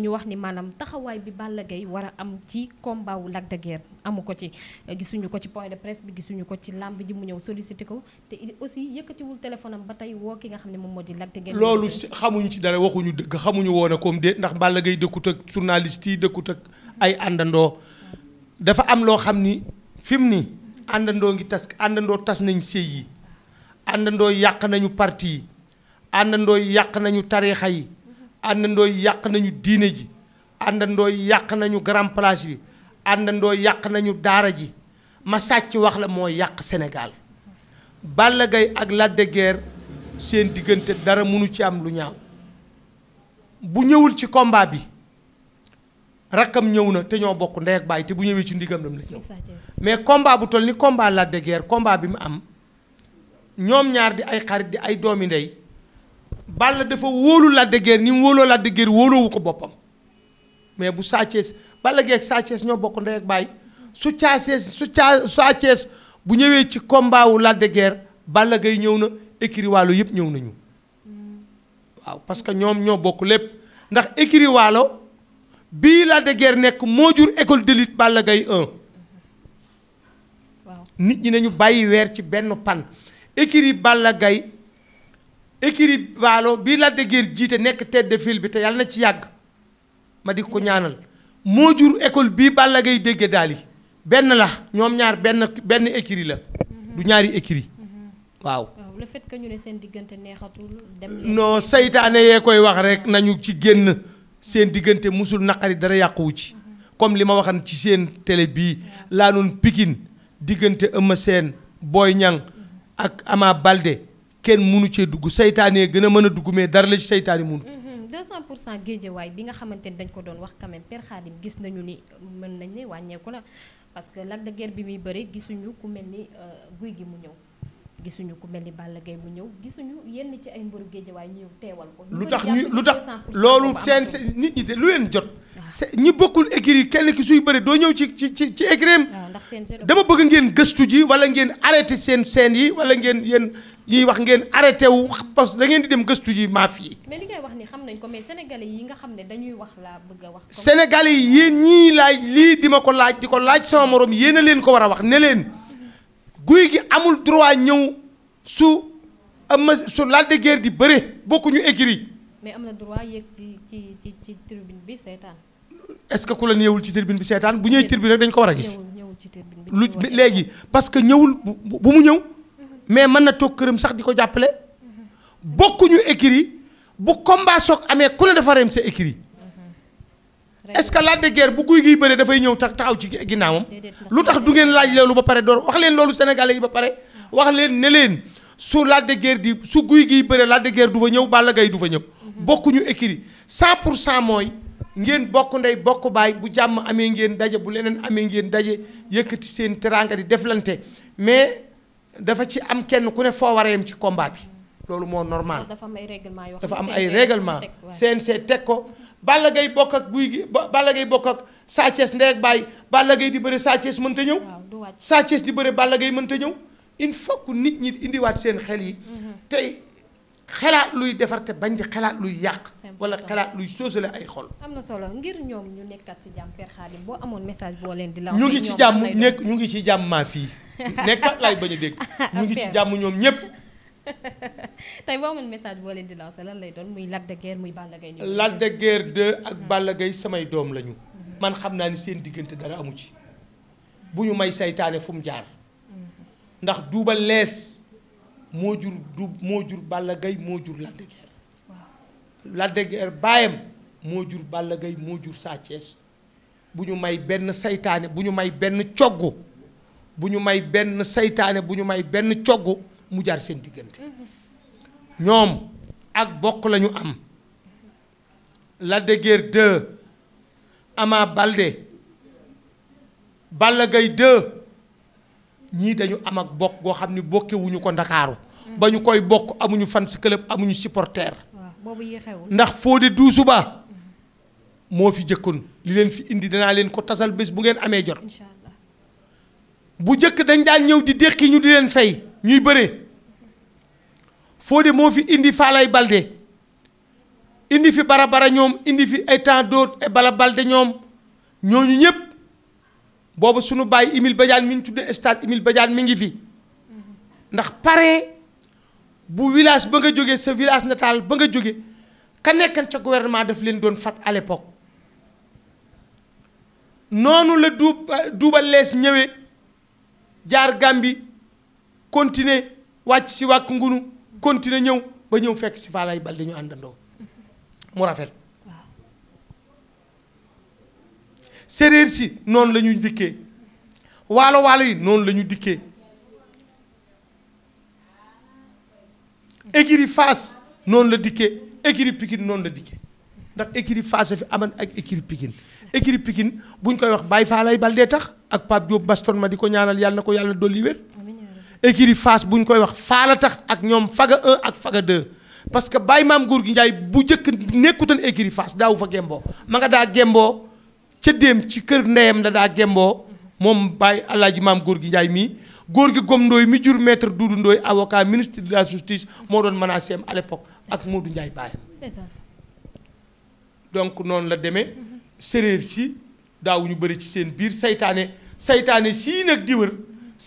ñu wax ni maanaam taxawaay bi Balla Gaye war a am ci combat wu Lac de amu ko ci gisuñu ko ci point de presse bi gisuñu ko ci làmb ji mu ñëw sollicité ko te aussi yëkkatiwul téléphone ba tey woo ki nga xam ne moom moo di Lac de Guiers loolu xamuñu ci dara waxuñu dëgg xamuñu woon a comme déet ndax Balla Gaye dëkkut ak journaliste yi dëkkut ak ay àndandoo dafa am loo xam ni fi ni àndandoo ngi tas àndandoo tas nañ sëy yi àndandoo yàq nañu yi àndandooy yàq nañu tariixa yi àndandooy yàq nañu diine ji àndandooy yàq nañu grand place bi àndandoo yàq nañu daara ji ma sàcc wax la moo yàq Sénégal Balla Gaye ak Lac de seen diggante dara mënu ci am lu ñaaw bu ñëwul ci combat bi rakkam ñëw na te ñoo bokk ndey ak baay te bu ñëwee ci ndigam lam la ñëw mais combat bu toll ni combat Lac de Guiers bi mu am ñoom ñaar di ay xarit di ay doomi ndey Balla dafa wóolu Lac de Guiers ni mu wóoloo Lac wóoloowu ko boppam mais bu Sa Thiès Balla Gaye ak Sa ñoo bokk ndey ak baay su Sa su Sa Thiès bu ñëwee ci combat wu Lac de Gaye ñëw na écurie Waalo yëpp ñëw nañu waaw parce que ñoom ñoo bokk lépp ndax écurie Waalo bii Lac nekk moo jur école de lutte Balla Gaye nit ñi nañu bàyyi weer ci benn pan écurie Balla Gaye écrit waalo bii Lac de Guiers jiite nekk tête de file bi te yàlla na ci yàgg ma di ko ñaanal moo jur école bii Balla Gaye dégge daal yi benn la ñoom ñaar benn benn écrit la du ñaari écrit waaw le fait ñu ne seen diggante neexatul dem non saytaane yee koy wax rek nañu ci génn seen diggante mosul naqari dara yàquwu ci comme li ma waxan ci seen tele bii laa noon Pikine diggante Eumeu seen booy Niang ak Ama Baldé kenn munu cee dugg saytaane gën a mën a dugg mais dara la ci saytaane munu. Mm-hmm. pour cent géejewaay bi nga xamante ni dañ ko doon wax quand même Père gis nañu ni mën nañ ne wàññeeku na parce que Lac de bi muy bëri gisuñu ku mel ni euh, guy gi mu ñëw. gisuñu ko mel ni Balla Gaye mu ñëw gisuñu yenn ci ay mbëru Géejawaay ñu ñëw teewal ko. lu tax ñu lu tax loolu seen seen nit ñi de lu leen jot. ñi bokkul écurie kenn ki suy bëri doo ñëw ci ci ci ci écurie dama bëgg ngeen gëstu ji wala ngeen arrêté seen seen yi wala ngeen yéen yiy wax ngeen arrêté wu parce que ngeen di dem gëstu ji maaf yi. mais li ngay wax ni xam nañ ko mais sénégalais yi nga xam ne dañuy wax laa bëgg a wax. sénégalais yi yéen ñii laaj lii di ma ko laaj di ko laaj sama moroom yéen a leen ko war a wax ne leen guy gi amul droit ñëw su am ama su Lac de Guiers di bëre bokkuñu écurie mais am na droit yéeg ci ci ci ci bi seetaan. est-ce que ku la ñëwul ci tribune bi seetaan bu ñëwee tribune rek dañ ko war a gis. lu léegi parce que ñëwul bu mu ñëw. mais mën na toog këram sax di ko jàppale. Mhm. bokkuñu écurie bu combat soog amee ku la dafa reem sa écurie est-ce que Lac de bu guy giy bëree dafay ñëw tax taxaw ci ginnaawam lu tax du ngeen laaj loolu ba pare door wax leen loolu sénégalais yi ba pare mm. wax leen ne leen su Lac de Guiers di su guy giy bëree Lac de du fa ñëw Balla Gaye du fa ñëw mm-hmm. bokkuñu écrit cent pour cent mooy ngeen bokk ndey bokk baay bu jàmm amee ngeen daje bu leneen amee ngeen daje yëkkati seen teraanga di deflante mais dafa ci am kenn ku ne foo war a ci combat bi loolu moo normal dafa am ay règlement yoo dafa am ay règlement CNC teg ko Balla gay bokk ak guy gi Balla gay bokk ak Sa Thiès ndey ak baay Balla Gaye di bëre Sa Thiès mënta ñëw Sa Thiès di bëre Balla gay mënta ñëw il faut que nit ñi indiwaat seen xel yi mhm. tey xalaat luy defar te bañ di xalaat luy yàq wala xalaat luy soosale ay xol am na solo ngir ñoom ñu nekkaat ci jàmm Père Khadim boo amoon message boo leen di la ñu ngi ci jàmm nekk ñu ngi ci jàmm maa fii *laughs* nekkat laay bañ a dégg *laughs* ñu ngi ci jàmm ñoom ñëpp tey boo amoon message boo leen di lancer lan lay doon muy Lac de Guiers muy Balla Gaye. Lac de Guiers 2 mm-hmm. ak Balla Gaye samay doom lañu. Mm-hmm. man xam naa ni seen diggante dara amu ci. bu ñu may seytaane fu jaar. Mm-hmm. ndax duuba lees moo jur du moo jur Balla Gaye moo jur Lac de baayam moo jur Balla Gaye moo jur Sa bu ñu may benn seytaane bu ñu may benn coggu bu ñu may benn seytaane bu ñu may benn coggu. mu jaar seen diggante ñoom ak bokk lañu am la de Guiers 2 Ama Baldé Balla Gaye 2 ñii dañu am ak bokk goo xam ni bokkewuñu ko ndakaaru ba ñu koy bokk amuñu fan si club amuñu supporter ndax Fodé Doussouba moo fi jëkkoon li leen fi indi danaa leen ko tasal bés bu ngeen amee jot bu jëkk dañ daan ñëw di déqi ñu di leen fay ñuy bëre Fodé moo fi indi Falaye balde indi fi Barabara ñoom indi fi ay temps Bala Baldé ñoom ñooñu ñëpp booba suñu bàyyi Émile Badiane mi ñu tuddee stade Émile mi ngi fi ndax pare bu village ba nga jógee sa village natal ba nga jóge ka nekkan ca gouvernement daf leen doon fat à noonu la duub duuba lees ñëwee jaar Gàmbi continuer wàcc si wàkk ngunu continuer ñëw ba ñëw fekk si Falaye Baldé ñu àndandoo mu rafet séréer si noonu lañuy ñuy dikkee waalo waalo yi noonu la ñu dikkee écurie Fass noonu la dikkee écurie Pikine noonu la dikkee ndax écurie Fass fi aman ak écurie Pikine écurie Pikine buñ koy wax Baye Falaye Baldé tax ak Pape Diop Baston ma di ko ñaanal yàlla na ko yàlla dolli wér écurie Fass bu ñu koy wax faala tax ak ñoom faga 1 ak faga 2 parce que Baye Maam Góor gi Njaay bu njëkk nekkutoon écurie Fass daawu fa gemboo ma nga daa gemboo ca déem ci kër ndeyam la daa gemboo moom Baye Alaaji Maam Góor gi Njaay mii góor gi gom ndooy mi jur maître Doudou Ndoye avocat ministre de la justice moo doon menacé am à l'époque ak Modou Njaay baayam donc noonu la demee mm-hmm. séréer si daawuñu bari ci seen biir seytaane seytaane sii nag di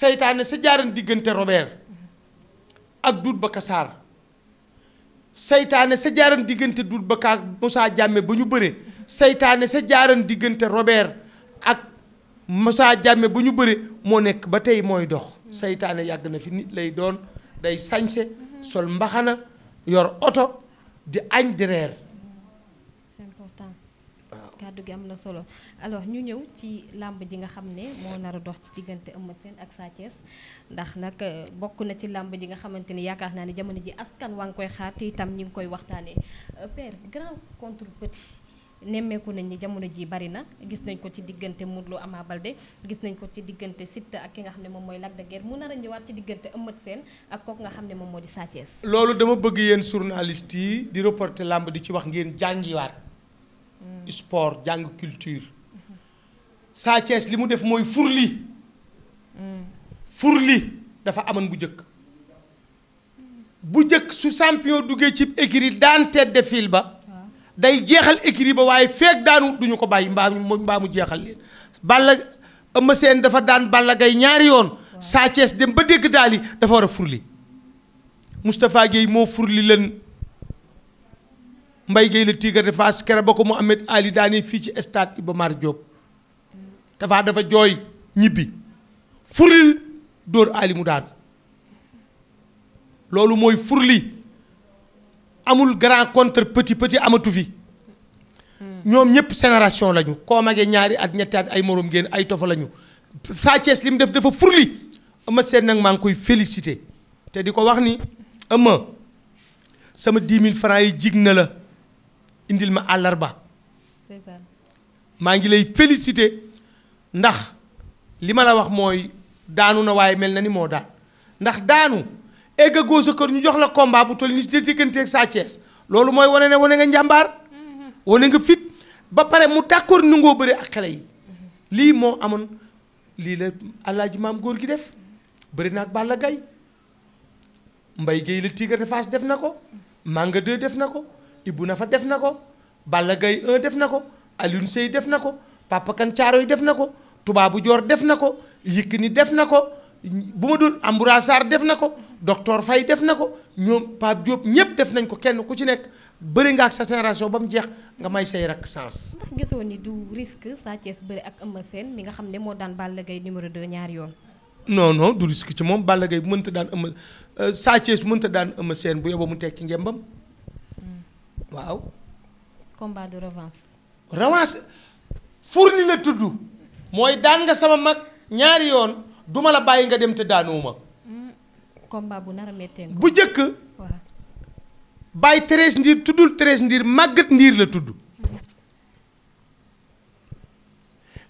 seytaane sa jaaran diggante Robert ak Doudou Baka Sarr seytaane sa jaaran diggante dut Baka ak Moussa Diame ba ñu bëre seytaane sa jaaran diggante Robert ak Moussa Diame ba ñu bëre moo nekk ba tey mooy dox seytaane yàgg na fi nit lay doon day sañse sol mbaxana yor oto di añ di reer kàddu am na solo alors ñu ñëw ci làmb ji nga xam ne moo nar a dox ci diggante Eumeu seen ak Sa ndax nag euh, bokk na ci làmb ji nga xamante ni yaakaar naa ne jamono ji askan waa ngi koy xaar te ngi koy waxtaanee euh, père grand contre petit nañ ni jamono ji bari na gis nañ ko ci diggante Modou Lo Ama gis nañ ko ci diggante Siteu ak ki nga xam ne moom mooy Lac de Guiers mu a ñëwaat ci diggante Eumeu Sène ak kooku nga xam ne moo di Sa loolu dama bëgg yéen journaliste yi di reporter làmb di ci wax ngeen jàngiwaat sport jàng culture Sa Thiès li mu def mooy furli furli dafa amoon bu jëkk bu jëkk su champion duggee ci écurie daan tête de ba day jeexal écurie ba waaye feek daanu duñu ko bàyyi mbaa mbaa mu jeexal leen Balla Eumeu dafa daan Balla Gaye ñaari yoon Sa Thiès dem ba dégg daal yi dafa war a furli Moustapha Guèye moo furli leen mbay Guèye la Tigre de Fass kere ba ko Mouhamed Ali daane fii ci stade Iba Mar Diop Tapha dafa jooy ñibbi furil dóor Ali mu daan loolu mooy furli amul grand contre petit petit amatu fi ñoom ñëpp génération lañu koo magee ñaari ak ñetti at ay moroom génn ay tofa lañu Sa Thiès li mu def dafa furli ama seen nag maa ngi koy félicité te di ko wax ni ama sama 10 mille francs yi jig na la. indil ma àllarba maa ngi lay féliciter ndax li ma la wax mooy daanu na waaye mel na ni moo daan ndax daanu eggagoo sa kër ñu jox la combat bu toll ni si digganteeg Sa Thiès loolu mooy wone ne wone nga njàmbaar wane nga fit ba pare mu tàkkoor nungoo bëri ak xale yi lii moo amoon lii la alaaji maam góor gi def bëri naa ak Balla Gaye Mbaye Guèye la Tigre de def na ko Manga 2 def na ko na fa def na ko Balla gay 1 def na ko Alioune Seye def na ko Papa Kan yi def na ko Tubaabu Joor def na ko ni def na ko bu ma doon Amboura Sarr def na ko docteur fay def na ko ñoom Pape Diop ñëpp def nañ ko kenn ku ci nekk bëri nga ak sa génération ba mu jeex nga may say rakk sens. ndax gisoo ni du risque Sa Thiès bëri ak Eumeu Sène mi nga xam ne moo daan Balla Gaye numéro de ñaari yoon. non non du risque ci moom Balla Gaye bu mënta daan Eumeu euh, Sa Thiès mënta daan Eumeu Sène bu yóbboo mu tekki ngembam. waaw. combat de revanche. revanche fourni la tudd mooy daan nga sama mag ñaari yoon duma la bàyyi nga dem te daanuma hmm, combat bu nar a njëkk. bàyyi Thérèse Ndir tuddul Thérèse Ndir màggat Ndir la tudd.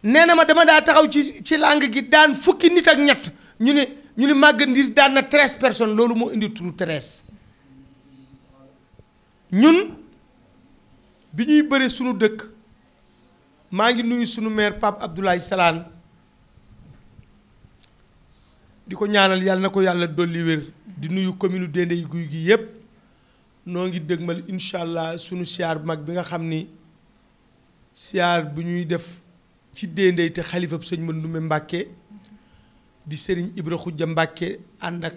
nee na ma dama daa taxaw ci ci langue gi daan fukki nit ak ñett ñu ne ñu ne màggat Ndir daan na treize personnes loolu moo indi turu treize ñun. bi ñuy bëre sunu dëkk maa ngi nuyu sunu maire Pape Abdoulaye Salaan di ko ñaanal yàlla na ko yàlla dolli wér di nuyu commune Dendey Guy gi yépp noo ngi dëgmal incha allah sunu siyaar bu mag bi nga xam ni siyaar bu ñuy def ci Dendey te xalifab sëñ Mandoumbe Mbàkke di sëriñ Ibra Xujja Mbàkke ànd ak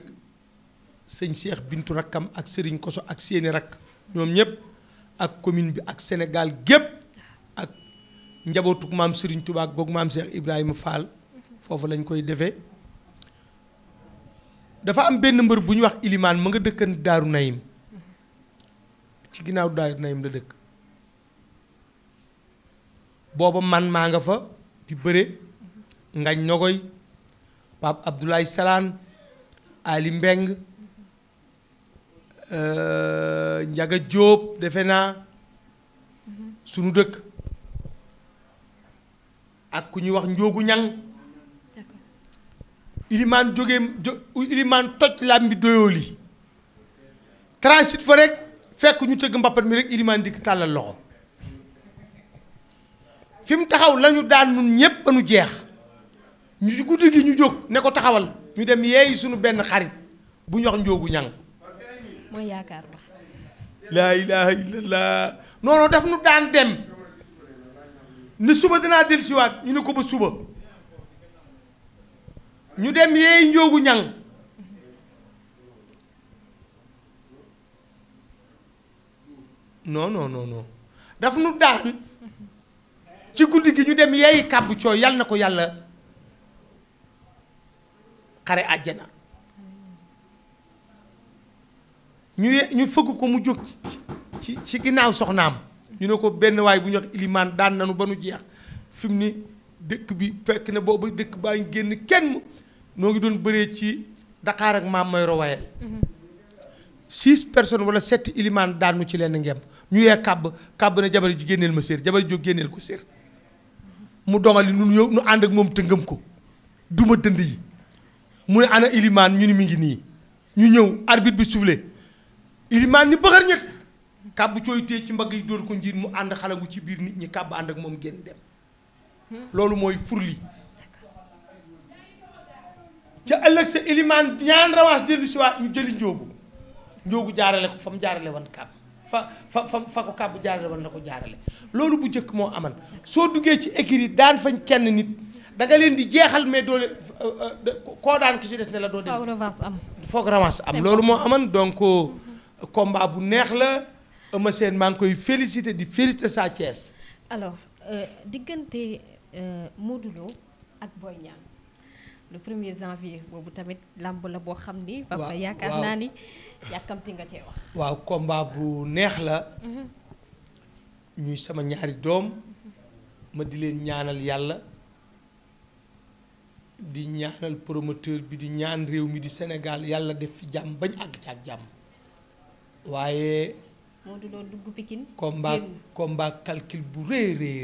sëñ Seex Bintu rakkam ak sëriñ Koso ak seeni rakk ñoom ñëpp. ak commune bi ak senegaal gépp ak njabootuk maam Serigne Touba goog maam Cheikh Ibrahima Fall foofu lañ koy defee dafa am benn mbër bu ñu wax ilimaan ma nga dëkkan Daaru Naim ci ginnaaw Daaru Naim la dëkk booba man maa nga fa di bëre ngañ nogoy Pape Abdoulaye Salaan Ali Mbeng Euh, Njaga Jóob defe naa sunu dëkk ak ku ñuy wax njóogu Ñang ilimaan jóge ilimaan toj lam bi doyool yi transit fa rek fekk ñu tëgg mbappat mi rek ilimaan dikk tàllal loxo fi taxaw lañu daan nun ñépp ba nu jeex ñu guddi gi ñu jóg ne ko taxawal ñu dem yeeyi sunu benn xarit bu ñu wax njóogu ñang mooy yaakaar ba laa ilaha illallah noonu daf nu daan dem ni suba dinaa dellusiwaat ñu ne ko ba suba ñu dem yeey njoogu ñan non non non non daf nu daan ci guddi gi ñu dem yeey kàbbu cooy yal na ko yàlla xare àjjana ñu ñu fëgg ko mu jóg ci ci ginnaaw soxnaam ñu ne ko benn waay bu ñu wax ilimaan daan nañu ba nu jeex fi mu ni dëkk bi fekk na boobu dëkk baa ngi génn kenn noo ngi doon bëree ci Dakar ak maam may rowayel six personnes wala sept ilimaan daanu ci lenn ngem ñu yee kàbb kàbb na jabar ji génneel ma séer jabar ji génneel ko séer mu dongali nu yow nu ànd ak moom te ko duma dënd yi mu ne ana ilimaan ñu ni mi ngi nii ñu ñëw arbit bi soufflé ilimaan ni bëxër ñett kàbb cooy téye ci mbagg yi dóor ko njiit mu ànd xalangu ci biir nit ñi kàbb ànd ak moom génn dem hmm. loolu mooy furli ca ëllëg sa ilimaan ñaan rawaas dellu si waat ñu jëli njóogu njóogu jaarale ko fa mu jaarale wan kàbb fa fa fa fa ko kàbb jaarale wan la ko jaarale loolu bu njëkk moo aman soo duggee ci écrit daan fañ kenn nit danga leen di jeexal mais doole euh, euh, koo daan ki ci des ne la doo am foog revanche am loolu moo aman donc euh, combat bu neex la Eumeu Sène maa ngi koy félicité di félicité Sa Thiès. alors euh, diggante euh, Modou Lo ak Boy Niang le premier janvier boobu tamit làmb la boo xam ni. waaw yaakaar naa ni yàkkamti nga cee wax. waaw komba bu neex la. Mhm. ñuy sama ñaari doom. ma di leen ñaanal yàlla di ñaanal promoteur bi di ñaan réew mi di Sénégal yàlla def fi jàmm bañ àgg ci ak jàmm. waaye. moo du doon dugg Pikine. combat combat calcul bu rëy rëy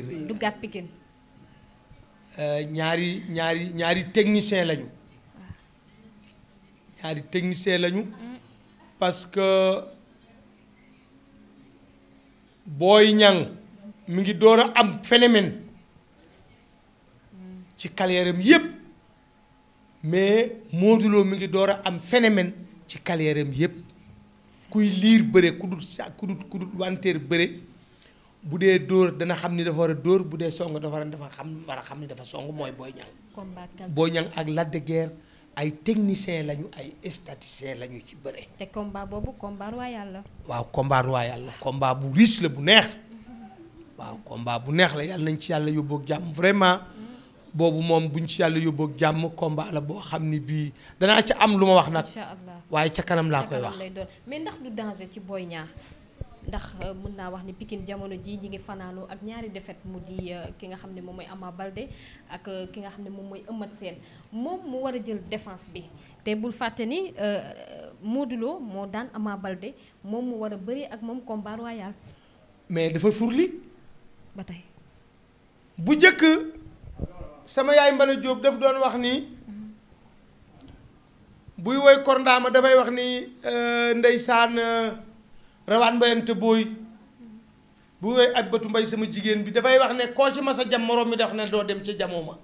euh, ñaari ñaari ñaari technicien lañu. Ah. ñaari technicien lañu. Mm. parce que Boy Niang mi ngi door a am phénomène mm. ci carrière am yëpp mais Modou Lo mi ngi door a am phénomène ci carrière am yëpp. kuy liir bëre ku dul sa ku dul ku dul wanteer bëre bu dee dóor dana xam ni dafa war a dóor bu dee song dafa war a dafa xam war a xam ni dafa song mooy Boy Niang Boy ñan ak Lac de ay technicien lañu ay statisticien lañu ci bëre. te combat boobu combat royal la. waaw combat royal la. combat bu riche la bu neex. waaw komba bu neex la yàlla nañ ci yàlla yóbboo jàmm vraiment. boobu moom buñ ci yàlla yóbboo jàmm combat la boo xam ni bii danaa ci am lu ma wax nag. waaye ca kanam laa koy wax. mais ndax du danger ci booy Niang ndax euh, mun naa wax ni Pikine jamono ji ñu ngi fanaanoo ak ñaari défaite mu di euh, ki nga xam ne moom mooy Ama Baldé ak euh, ki nga xam ne moom mooy Eumeu Sène moom mu war a jël défense bi te bul fàtte ni Modou Lo moo daan Ama moom mu war a bëri ak moom combat royal. mais dafa furli. ba tey bu njëkk. sama yaay Mbana jóob daf doon wax nii buy woy korndaama dafay wax ni euh, ndeysaan euh, rawaan mbayante booy bu woy aj batu mbay sama jigéen bi dafay wax ne koo ci mas a jam moroom mi daf ne doo dem ci jamoo ma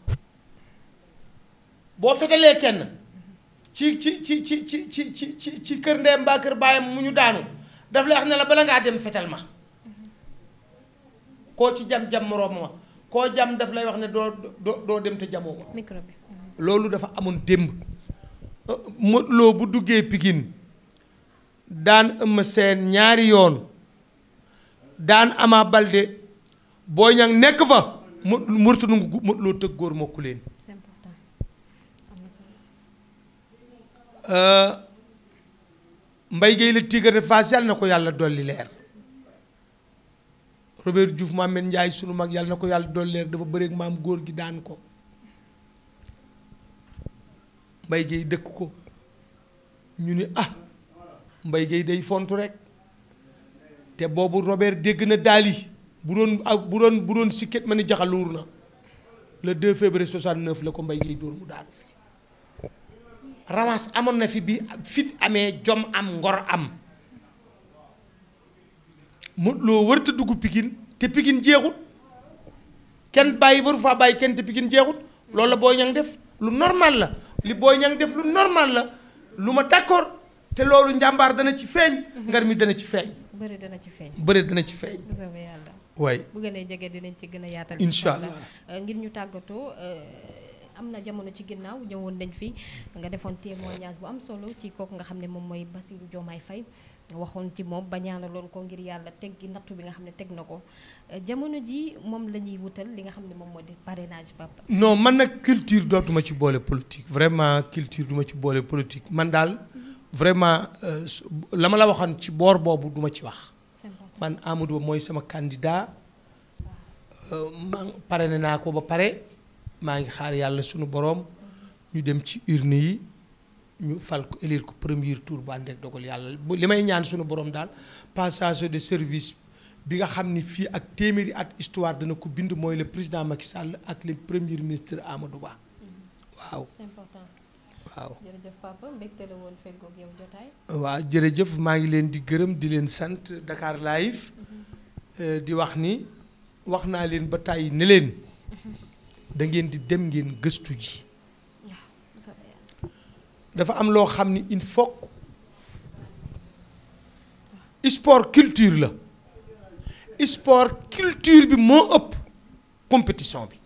boo fetalee kenn ci ci ci ci ci ci ci ci ci kër ndeyam mu ñu daanu daf la wax ne la bala ngaa dem fetal ma koo ci jam jam moroom ma koo jam daf lay wax ne doo doo dem te jamoo ko loolu dafa amoon démb euh, Modou Lo bu duggee Pikine daan Eumeu Sène ñaari yoon daan Ama Baldé Boy Niang nekk fa mu murtu nungu Modou Lo tëgg góor mokku leen euh, Mbaye Guèye la Tigre de Fass yàlla na ko yàlla dolli leer Robert Diouf Mohamed Ndiaye sunu mag yàlla na ko yàlla dool leer dafa bëreeg maam góor gi daan ko mbay Guèye dëkk ko ñu ni ah Mbaye Guèye day fontu rek te boobu Robert dégg na daal bu doon ak bu doon bu sikket ma ni jaxaluur na le 2 février 69 la ko Mbaye Guèye dóor mu daanu fi ramas amoon na fi bi fit amee jom am ngor am loo war Lo warta dugg Pikine te Pikine jeexut kenn bàyyi waru faa bàyyi kenn te Pikine jeexut loolu la Boy Niang def lu normal la li Boy Niang def lu normal la lu ma d'accord te loolu njàmbaar dana ci feeñ. ngar mi dana ci feeñ. bëri dana ci feeñ. bëri dana ci feeñ. waay bu gënee jege dinañ ci gën a yaatal. incha euh, ngir ñu tàggatoo. Euh, am na jamono ci ginnaaw ñëwoon nañ fi nga defoon témoignage bu am solo ci kooku nga xam ne moom mooy Bassirou Diomaye Faye waxoon ci moom bañaana bañaanaloon ko ngir yàlla teggi nattu bi nga xam ne teg na ko euh, jamono ji moom la ñuy wutal li nga xam ne moom moo di ci papa non man na culture dootuma ci boole politique vraiment culture duma ci boole politique man daal vraiment euh, la ma la waxoon ci boor boobu duma ci wax man Amadou Ba mooy sama candidat euh, ma ne naa ko ba pare maa ngi xaar yàlla sunu boroom ñu dem ci urne yi ñu fal ko élire ko premier tour bu ànd dogal yàlla li may ñaan sunu borom daal passation de service bi nga xam ni fii ak téeméeri at histoire dana ko bind mooy le président Macky Sall ak le premier ministre Amadou Ba waaw. c'est important. jërëjëf maa ngi leen di gërëm di leen sant Dakar Live mhm. euh, di wax ni wax naa leen ba tàyyi ni leen *laughs* da ngeen di dem ngeen gëstu ji. dafa am loo xam ni il faut sport culture la sport culture bi moo ëpp compétition bi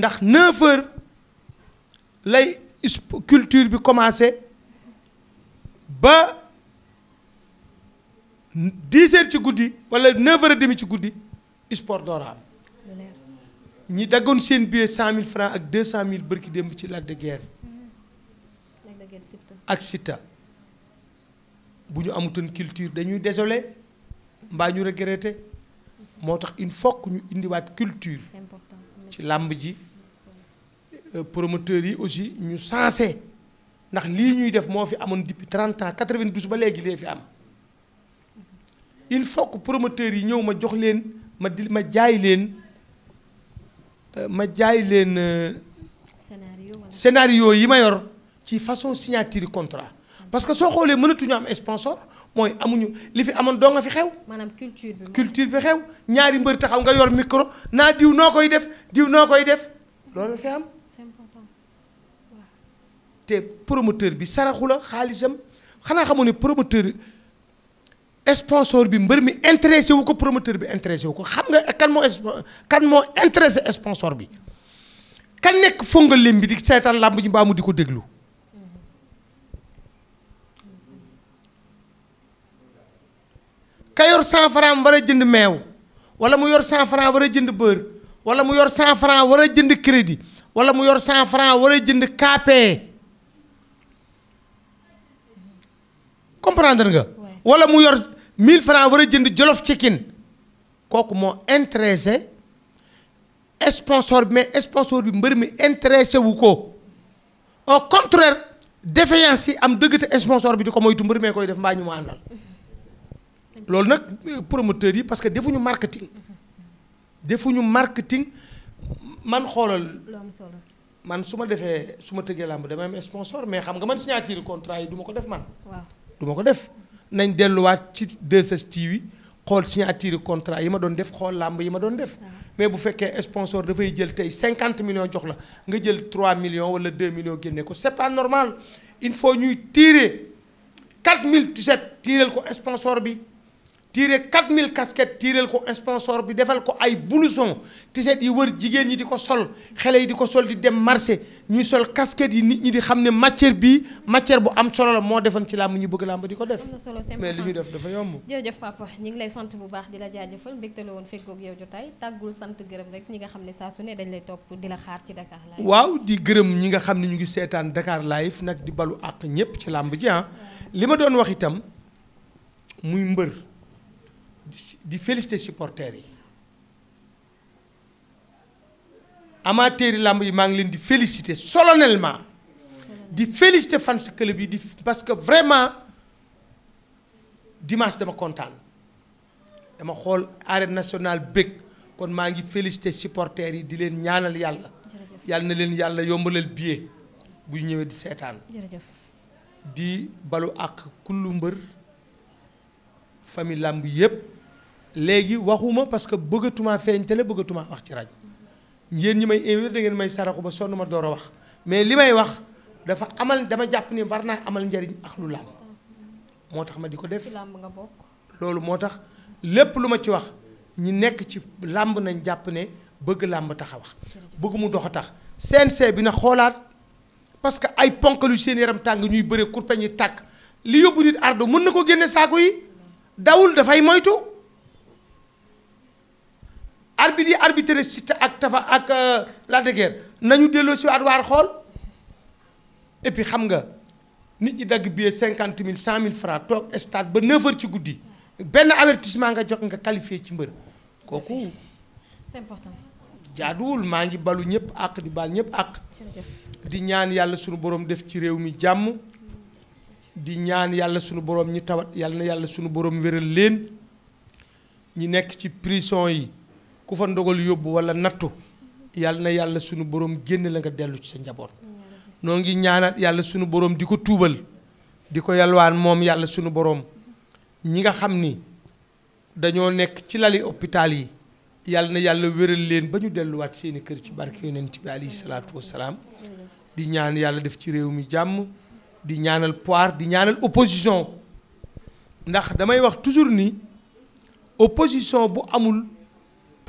ndax 9 heures spo culture bi commencé ba 10 heures ci guddi wala 9 heures demi ci guddi sport door a am ñi daggoon seen billet 100000 francs ak mille bërki démb ci Lac de Guiers. ak Siteu bu ñu amutoon culture dañuy désolé mbaa ñu regretté moo tax il faut que ñu indiwaat culture ci làmb ji euh, promoteurs yi aussi ñu sensé ndax lii ñuy def moo fi amoon depuis 30 ans 92 ba léegi lee fi am il faut que promoteurs yi ñëw ma jox leen ma di ma jaay leen euh, ma jaay leen euh, scénario yi ma yor ci façon signature contrat parce que soo xoolee mënatuñu am sponsor mooy amuñu li fi amoon doo nga fi xew. maanaam culture bi culture bi xew ñaari mbër taxaw nga yor micro naa diw noo koy def diw noo koy def loolu fi am. te promoteur bi saraxula la xaalisam xanaa xamoon ne promoteur sponsor bi mbër mi intéressé wu ko promoteur bi intéressé wu ko xam nga kan moo kan moo intéressé sponsor bi kan nekk fongal leen bi di seetaan làmb ji mbaa mu di ko déglu. ka yor 100 francs war a jënd meew wala mu yor 100 francs war a jënd beurre wala mu yor 100 francs war a jënd crédit wala mu yor cent francs war a jënd KPE comprendre nga. wala mu yor mille francs war a jënd jolof chicken kooku moo intéressé sponsor bi mais sponsor bi mbër mi intéressé wu ko au contraire défaillance yi am dëgg te sponsor bi di ko moytu mbër mee koy def mbaa ñu mu àndal. loolu nag promoteurs yi parce que defuñu marketing defuñu marketing man xoolal. man su ma defee su ma tëggee làmb damay am sponsor mais xam nga man signature contrat yi duma ko def man. duma ko def nañ delluwaat ci 2STV xool signature contrat yi ma doon def xool làmb yi ma doon def. mais bu fekkee sponsor dafay jël tey cinquante million jox la nga jël 3 millions wala deux millions génne ko c'est pas normal il faut ñuy tirer 4000 tu sais tirer ko sponsor bi. tiire 4000 casquettes tiireel ko sponsor bi defal ko ay blouson t-shirt yi wër jigéen ñi di ko sol xale yi di ko sol di dem marché ñuy sol casquettes yi nit ñi di xam ne matière bi matière bu am solo la moo defoon ci làmb ñu bëgg làmb di ko def mais li def dafa yomb jërëjëf papa ñu ngi lay sant bu baax di la jaajëfal mbégte la woon feggoog yow jotaay tàggul sant gërëm rek ñi nga xam ne saa su ne dañ lay topp di xaar ci Dakar Live waaw di gërëm ñi nga xam ne ñu ngi seetaan Dakar Live nag di balu àq ñëpp ci làmb ji ah. li ma doon wax itam muy mbër di félicité supporters yi amateur làmb yi maa ngi leen di félicité solennellement di félicité fans club yi di parce que vraiment dimas dama kontaan dama xool arène national bëgg kon maa ngi félicité supporters yi di leen ñaanal yàlla yàlla na leen yàlla yombalal billet buy ñëwee di seetaan di balu ak kullu mbër famille làmb yépp léegi waxuma parce que bëggatuma feeñ télé bëggatuma wax ci rajo yéen ñi may invité da ngeen may saraxu ba sonn ma door a wax mais li may wax dafa amal dama jàpp ni war naa amal njariñ ak lu làmb moo tax ma di ko def loolu moo tax lépp lu ma ci wax ñi nekk ci làmb nañ jàpp ne bëgg làmb tax a wax bëgg mu dox a tax CNG bi na xoolaat parce que ay ponkalu seen yaram tàng ñuy bëre kurpeñ yi tàkk li yóbbu nit ardo mën na ko génne saako yi dawul dafay moytu arbitre yi arbitré Siteu ak Tafa ak euh, Lac de Guiers nañu delloo si waat waar xool et puis xam nga nit ñi dagg billet cinquante mille cent mille francs toog stade ba neuf heures ci guddi benn avertissement nga jox nga qualifié ci mbër kooku. c'est important. jaaduwul maa ngi balu ñëpp àq di bal ñëpp àq. di ñaan yàlla sunu boroom def ci réew mi jàmm. di ñaan yàlla sunu borom ñi tawat yàlla na yàlla sunu borom wéral leen ñi nekk ci prison yi. ku fa ndogal yóbbu wala nattu yàlla na yàlla sunu borom génn la nga dellu ci sa njaboot noo ngi ñaanal yàlla sunu boroom di ko tuubal di ko yalwaan moom yàlla sunu boroom ñi nga xam ni dañoo nekk ci lali hôpital yi yàlla na yàlla wéral leen ba ñu delluwaat seeni kër ci barke yonent bi alayhi salaatu wasalaam di ñaan yàlla def ci réew mi jàmm di ñaanal pouvoir di ñaanal opposition ndax damay wax toujours ni opposition bu amul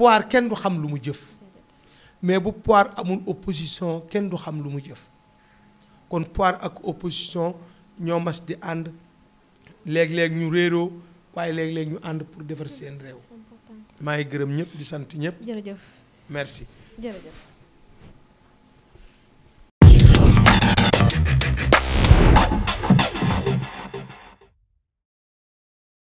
pouvoir kenn du xam lu mu jëf mais bu pouvoir amul opposition kenn du xam lu mu jëf kon pouvoir ak opposition ñoo mas di ànd léeg-léeg ñu réeroo waaye léeg-léeg ñu ànd pour defar seen réew maa ngi gërëm ñëpp di sant ñëpp jërëjëf merci